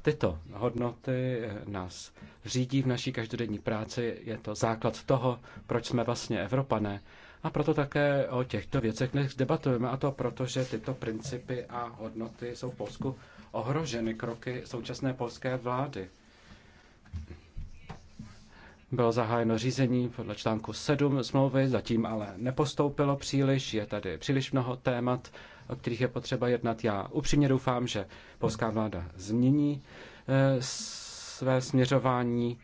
Tyto hodnoty eh, nás řídí v naší každodenní práci, je to základ toho, proč jsme vlastně Evropané. A proto také o těchto věcech dnes debatujeme, a to proto, že tyto principy a hodnoty jsou v Polsku ohroženy kroky současné polské vlády. Bylo zahájeno řízení podle článku 7 smlouvy, zatím ale nepostoupilo příliš, je tady příliš mnoho témat, o kterých je potřeba jednat. Já upřímně doufám, že polská vláda změní eh, své směřování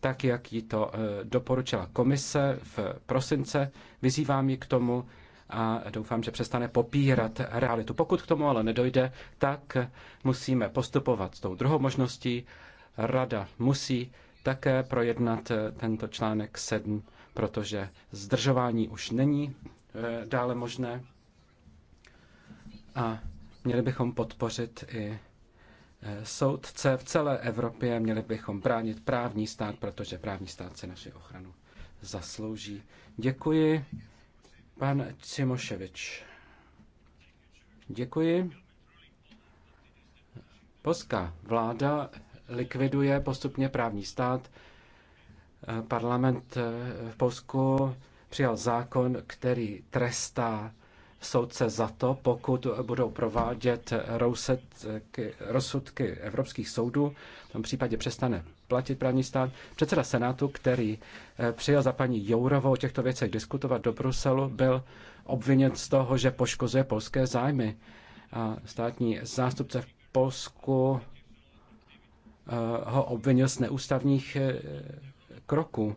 tak jak ji to e, doporučila komise v prosince. Vyzývám ji k tomu a doufám, že přestane popírat realitu. Pokud k tomu ale nedojde, tak musíme postupovat s tou druhou možností. Rada musí také projednat e, tento článek 7, protože zdržování už není e, dále možné. A měli bychom podpořit i soudce v celé Evropě. Měli bychom bránit právní stát, protože právní stát si naši ochranu zaslouží. Děkuji, pan Cimoševič. Děkuji. Polská vláda likviduje postupně právní stát. Parlament v Polsku přijal zákon, který trestá soudce za to, pokud budou provádět rozsudky, rozsudky evropských soudů. V tom případě přestane platit právní stát. Předseda Senátu, který eh, přijel za paní Jourovou o těchto věcech diskutovat do Bruselu, byl obviněn z toho, že poškozuje polské zájmy. A státní zástupce v Polsku eh, ho obvinil z neústavních eh, kroků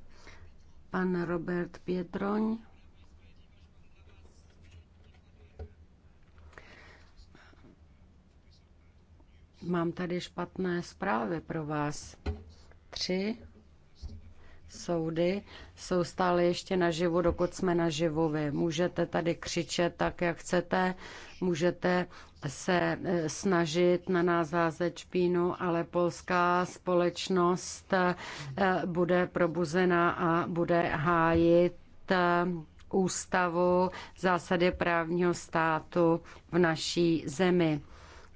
Pan Robert Pietroň. Mám tady špatné zprávy pro vás. Tři soudy jsou stále ještě naživu, dokud jsme naživu vy. Můžete tady křičet tak, jak chcete, můžete se eh, snažit na nás házet špínu, ale polská společnost eh, bude probuzená a bude hájit eh, ústavu, zásady právního státu v naší zemi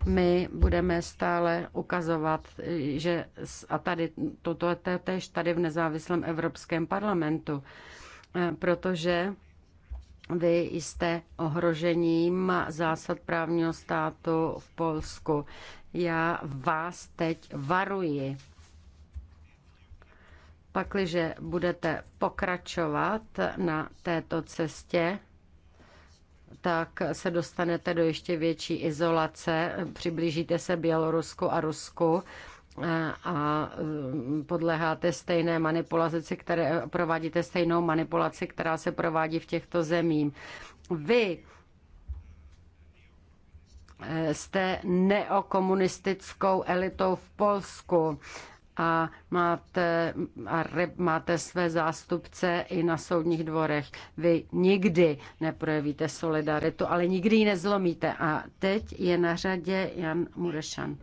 my budeme stále ukazovat, že a tady toto je též tady v nezávislém Evropském parlamentu, eh, protože vy jste ohrožením zásad právního státu v Polsku. Já vás teď varuji. Pakliže budete pokračovat na této cestě, tak se dostanete do ještě větší izolace, přiblížíte se Bělorusku a Rusku eh, a mm, podléháte stejné manipulaci, které provádíte stejnou manipulaci, která se provádí v těchto zemích. Vy eh, jste neokomunistickou elitou v Polsku a máte, a re, máte své zástupce i na soudních dvorech. Vy nikdy neprojevíte solidaritu, ale nikdy ji nezlomíte. A teď je na řadě Jan Murešan.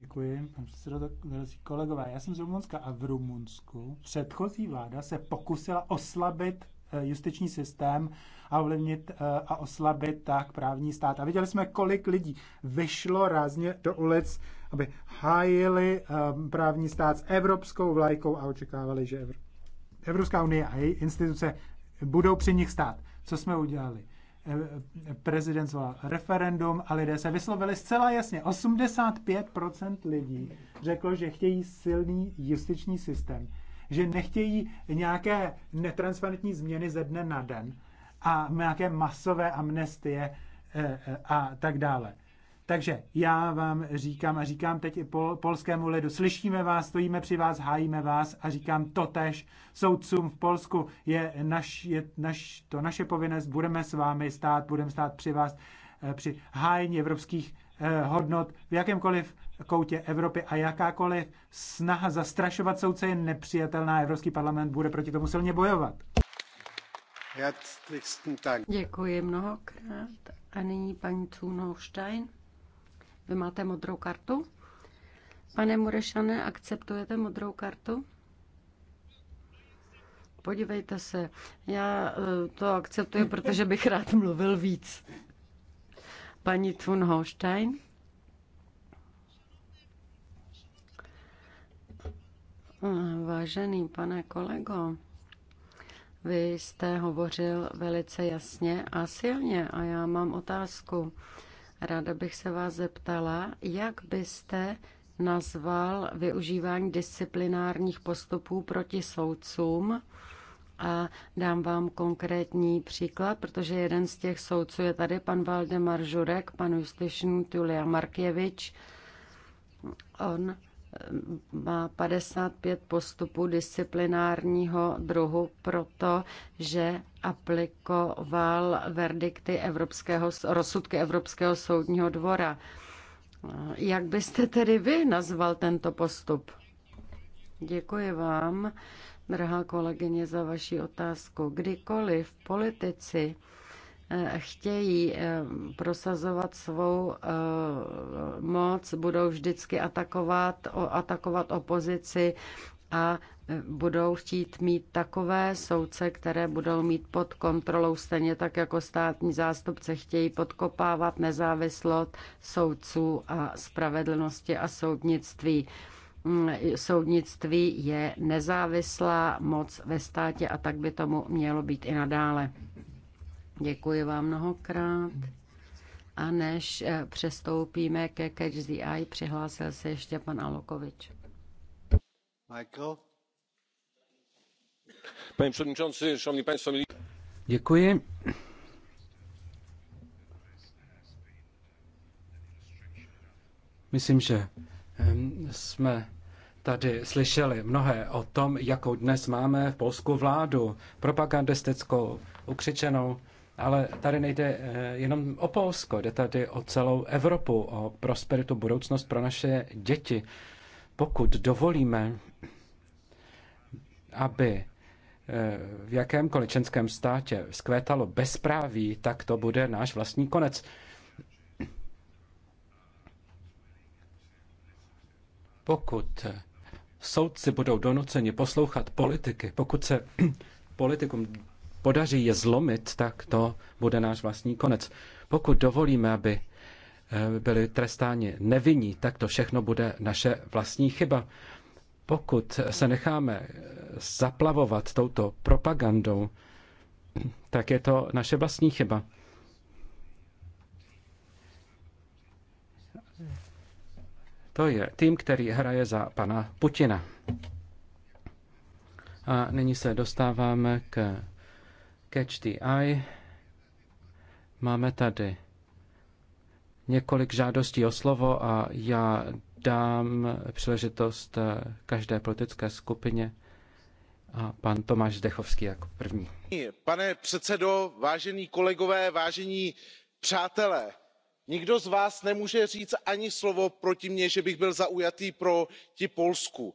Děkuji, pan předsedo, drazí kolegové. Já jsem z Rumunska a v Rumunsku předchozí vláda se pokusila oslabit Eh, justiční systém a ovlivnit eh, a oslabit tak právní stát. A viděli jsme, kolik lidí vyšlo rázně do ulic, aby hájili eh, právní stát s evropskou vlajkou a očekávali, že Evropská unie a její instituce budou při nich stát. Co jsme udělali? prezident zvolal referendum a lidé se vyslovili zcela jasně. 85% lidí řeklo, že chtějí silný justiční systém, že nechtějí nějaké netransparentní změny ze dne na den a nějaké masové amnestie eh, eh, a tak dále. Takže já vám říkám a říkám teď i pol, polskému lidu, slyšíme vás, stojíme při vás, hájíme vás a říkám to tež soudcům v Polsku, je, naš, je naš, to naše povinnost, budeme s vámi stát, budeme stát při vás, eh, při hájení evropských hodnot v jakémkoliv koutě Evropy a jakákoliv snaha zastrašovat soudce je nepřijatelná. Evropský parlament bude proti tomu silně bojovat. Děkuji mnohokrát. A nyní paní Thunhofstein. Vy máte modrou kartu? Pane Murešane, akceptujete modrou kartu? Podívejte se, já eh, to akceptuji, protože bych rád mluvil víc. Paní Thunhofstein. Vážený pane kolego, vy jste hovořil velice jasně a silně a já mám otázku. Ráda bych se vás zeptala, jak byste nazval využívání disciplinárních postupů proti soudcům a dám vám konkrétní příklad, protože jeden z těch soudců je tady pan Valdemar Žurek, pan Justišin Tulia Markěvič. On má 55 postupů disciplinárního druhu, protože aplikoval verdikty Evropského, rozsudky Evropského soudního dvora. Jak byste tedy vy nazval tento postup? Děkuji vám, drahá kolegyně, za vaši otázku. Kdykoliv politici Eh, chtějí eh, prosazovat svou eh, moc, budou vždycky atakovat, atakovat opozici a budou chtít mít takové soudce, které budou mít pod kontrolou, stejně tak jako státní zástupce chtějí podkopávat nezávislost soudců a spravedlnosti a soudnictví. Mm, soudnictví je nezávislá moc ve státě a tak by tomu mělo být i nadále. Děkuji vám mnohokrát. A než eh, přestoupíme ke Catch the Eye, přihlásil se ještě pan Alokovič. Michael? Pane předsedající, paní państwo, Děkuji. Myslím, že jsme tady slyšeli mnohé o tom, jakou dnes máme v Polsku vládu, propagandistickou, ukřičenou, ale tady nejde eh, jenom o Polsko, jde tady o celou Evropu, o prosperitu, budoucnost pro naše děti. Pokud dovolíme, aby eh, v jakémkoliv členském státě zkvétalo bezpráví, tak to bude náš vlastní konec. Pokud eh, soudci budou donuceni poslouchat politiky, pokud se politikům podaří je zlomit, tak to bude náš vlastní konec. Pokud dovolíme, aby eh, byli trestáni nevinní, tak to všechno bude naše vlastní chyba. Pokud se necháme eh, zaplavovat touto propagandou, tak je to naše vlastní chyba. To je tým, který hraje za pana Putina. A nyní se dostáváme k Catch the Eye. Máme tady několik žádostí o slovo a já dám příležitost eh, každé politické skupině. A pan Tomáš Zdechovský jako první. Pane předsedo, vážení kolegové, vážení přátelé, nikdo z vás nemůže říct ani slovo proti mně, že bych byl zaujatý proti Polsku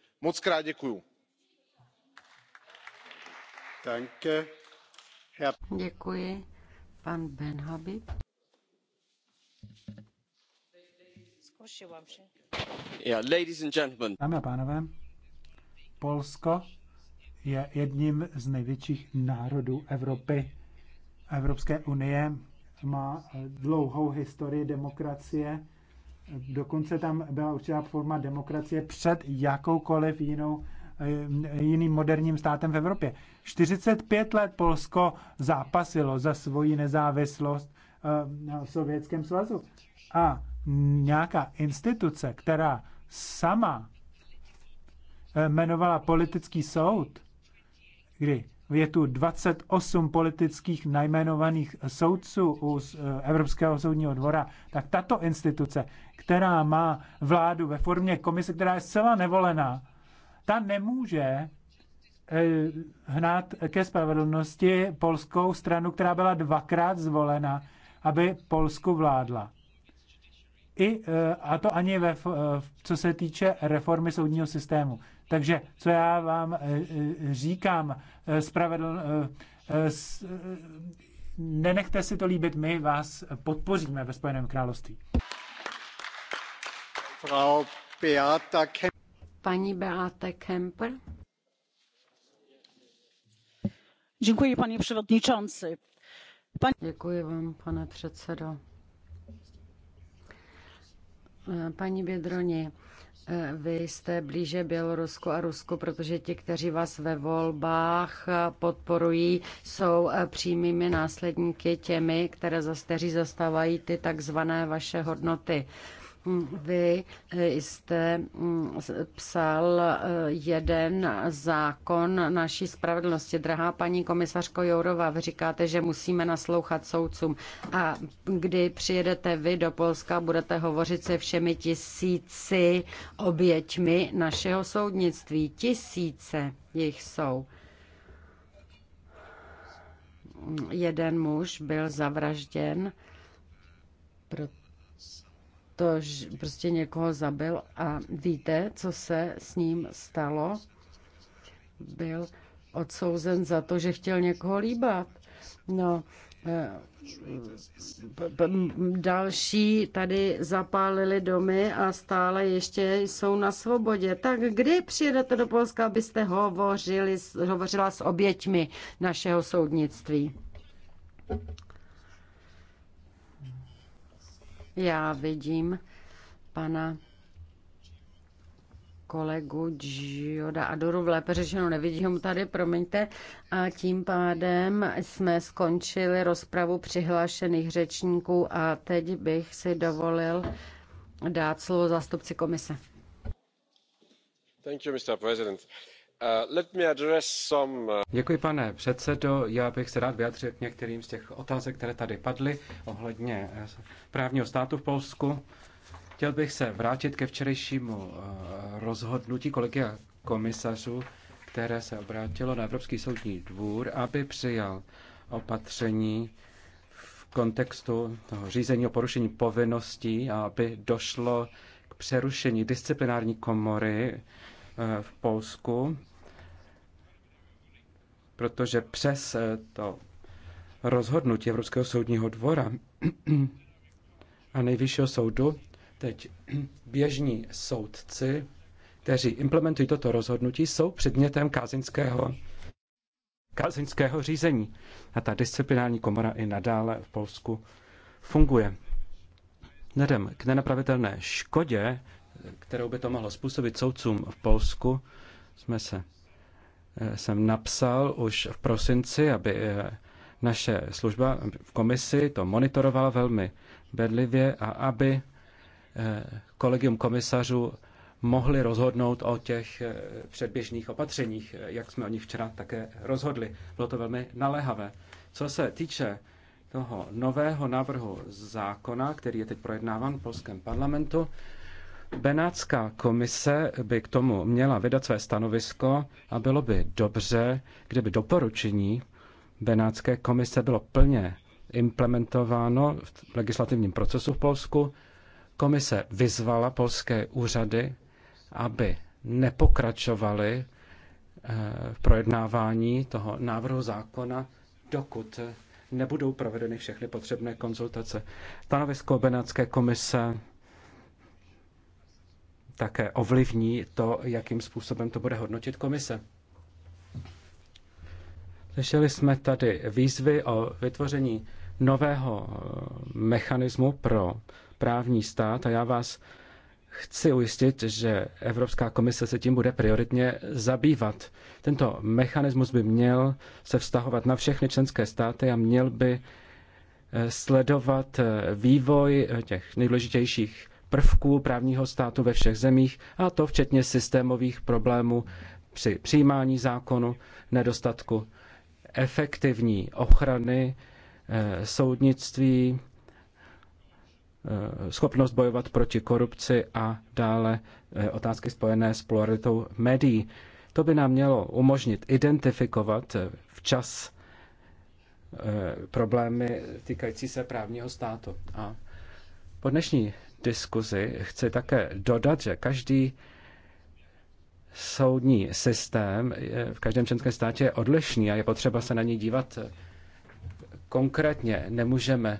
mockrát děkuju. Dámy a pánové, Polsko je jedním z největších národů Evropy. Evropské unie má dlouhou historii demokracie Dokonce tam byla určitá forma demokracie před jakoukoliv jinou eh, jiným moderním státem v Evropě. 45 let Polsko zápasilo za svoji nezávislost eh, v Sovětském svazu. A nějaká instituce, která sama eh, jmenovala politický soud, kdy je tu 28 politických najmenovaných soudců u Evropského soudního dvora, tak tato instituce která má vládu ve formě komise, která je zcela nevolená, ta nemůže eh, hnát ke spravedlnosti polskou stranu, která byla dvakrát zvolena, aby Polsku vládla. I, eh, a to ani ve, eh, co se týče reformy soudního systému. Takže co já vám říkám, spravedl, nenechte si to líbit, my vás podpoříme ve Spojeném království. Frau Beata Kemper. Paní Beate Děkuji, paní předsedající. Pan... Děkuji vám, pane předsedo. Paní Bědroni, vy jste blíže Bělorusku a Rusku, protože ti, kteří vás ve volbách podporují, jsou přímými následníky těmi, které, kteří zastávají ty takzvané vaše hodnoty. Vy eh, jste mm, psal eh, jeden zákon naší spravedlnosti. Drahá paní komisařko Jourova, vy říkáte, že musíme naslouchat soudcům. A kdy přijedete vy do Polska, budete hovořit se všemi tisíci oběťmi našeho soudnictví. Tisíce jich jsou jeden muž byl zavražděn, proto to prostě někoho zabil a víte, co se s ním stalo? Byl odsouzen za to, že chtěl někoho líbat. No, eh, další tady zapálili domy a stále ještě jsou na svobodě. Tak kdy přijedete do Polska, abyste hovořili, hovořila s oběťmi našeho soudnictví? Já vidím pana kolegu Gioda Adoru, v lépe řečeno nevidím ho tady, promiňte. A tím pádem jsme skončili rozpravu přihlášených řečníků a teď bych si dovolil dát slovo zástupci komise. Thank you, Mr. President. Uh, uh, Děkuji, pane předsedající Já bych se rád vyjádřil k některým z těch otázek, které tady padly ohledně eh, právního státu v Polsku. Chtěl bych se vrátit ke včerejšímu eh, rozhodnutí kolegia komisařů, které se obrátilo na Evropský soudní dvůr, aby přijal opatření v kontextu toho řízení o porušení povinností a aby došlo k přerušení disciplinární komory eh, v Polsku protože přes eh, to rozhodnutí Evropského soudního dvora a nejvyššího soudu teď běžní soudci, kteří implementují toto rozhodnutí, jsou předmětem kázeňského, kázeňského řízení. A ta disciplinární komora i nadále v Polsku funguje. Nedem k nenapravitelné škodě, kterou by to mohlo způsobit soudcům v Polsku, jsme se Eh, jsem napsal už v prosinci, aby eh, naše služba v komisi to monitorovala velmi bedlivě a aby eh, kolegium komisařů mohli rozhodnout o těch předběžných opatřeních, jak jsme o nich včera také rozhodli. Bylo to velmi naléhavé. Co se týče toho nového návrhu zákona, který je teď projednáván v polském parlamentu, Benátská komise by k tomu měla vydat své stanovisko a bylo by dobře, kdyby doporučení Benátské komise bylo plně implementováno v legislativním procesu v Polsku. Komise vyzvala polské úřady, aby nepokračovali eh, v projednávání toho návrhu zákona, dokud nebudou provedeny všechny potřebné konzultace. Stanovisko Benátské komise také ovlivní to, jakým způsobem to bude hodnotit komise. Slyšeli jsme tady výzvy o vytvoření nového eh, mechanismu pro právní stát a já vás chci ujistit, že Evropská komise se tím bude prioritně zabývat. Tento mechanismus by měl se vztahovat na všechny členské státy a měl by eh, sledovat eh, vývoj těch nejdůležitějších prvků právního státu ve všech zemích, a to včetně systémových problémů při přijímání zákonu, nedostatku efektivní ochrany eh, soudnictví, eh, schopnost bojovat proti korupci a dále eh, otázky spojené s pluralitou médií. To by nám mělo umožnit identifikovat včas problémy týkající se právního státu. A po dnešní diskuzi chci také dodat, že každý soudní systém v každém členském státě je odlišný a je potřeba se na něj dívat konkrétně. Nemůžeme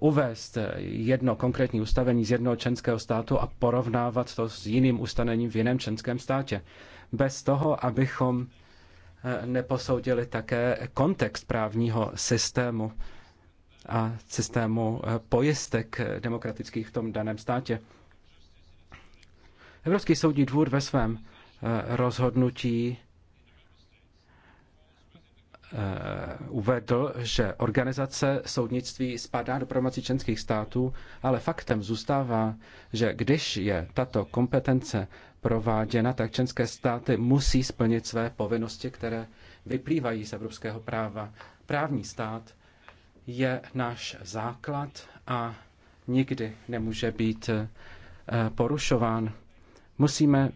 uvést jedno konkrétní ustavení z jednoho členského státu a porovnávat to s jiným ustanením v jiném členském státě. Bez toho, abychom eh, neposoudili také kontext právního systému a systému eh, pojistek eh, demokratických v tom daném státě. Evropský soudní dvůr ve svém eh, rozhodnutí uvedl, že organizace soudnictví spadá do promocí členských států, ale faktem zůstává, že když je tato kompetence prováděna, tak členské státy musí splnit své povinnosti, které vyplývají z evropského práva. Právní stát je náš základ a nikdy nemůže být eh, porušován. Musíme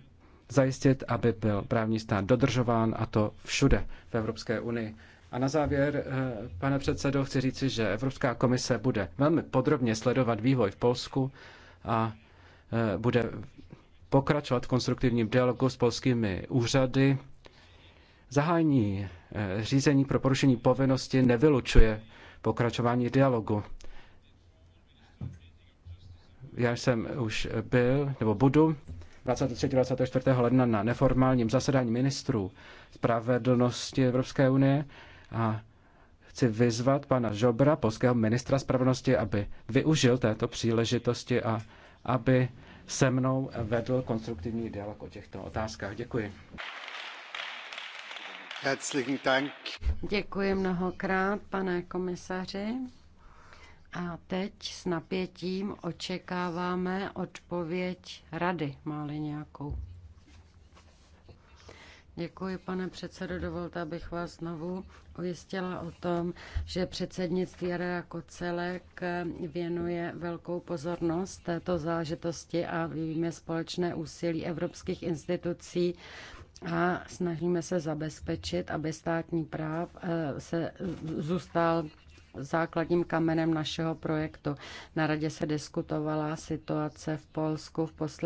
zajistit, aby byl právní stát dodržován a to všude v Evropské unii. A na závěr, eh, pane předsedo, chci říci, že Evropská komise bude velmi podrobně sledovat vývoj v Polsku a eh, bude pokračovat v konstruktivním dialogu s polskými úřady. Zahájení řízení pro porušení povinnosti nevylučuje pokračování dialogu. Já jsem už byl, nebo budu, 23. 24. ledna na neformálním zasedání ministrů spravedlnosti Evropské unie a chci vyzvat pana Žobra, polského ministra spravedlnosti, aby využil této příležitosti a aby se mnou vedl konstruktivní dialog o těchto otázkách. Děkuji. Děkuji mnohokrát, pane komisaři. A teď s napětím očekáváme odpověď rady, máli nějakou. Děkuji, pane předsedo. Dovolte, abych vás znovu ujistila o tom, že předsednictví Rada jako celek věnuje velkou pozornost této záležitosti a vyvíjíme společné úsilí evropských institucí a snažíme se zabezpečit, aby státní práv eh, se zůstal základním kamenem našeho projektu. Na radě se diskutovala situace v Polsku v poslední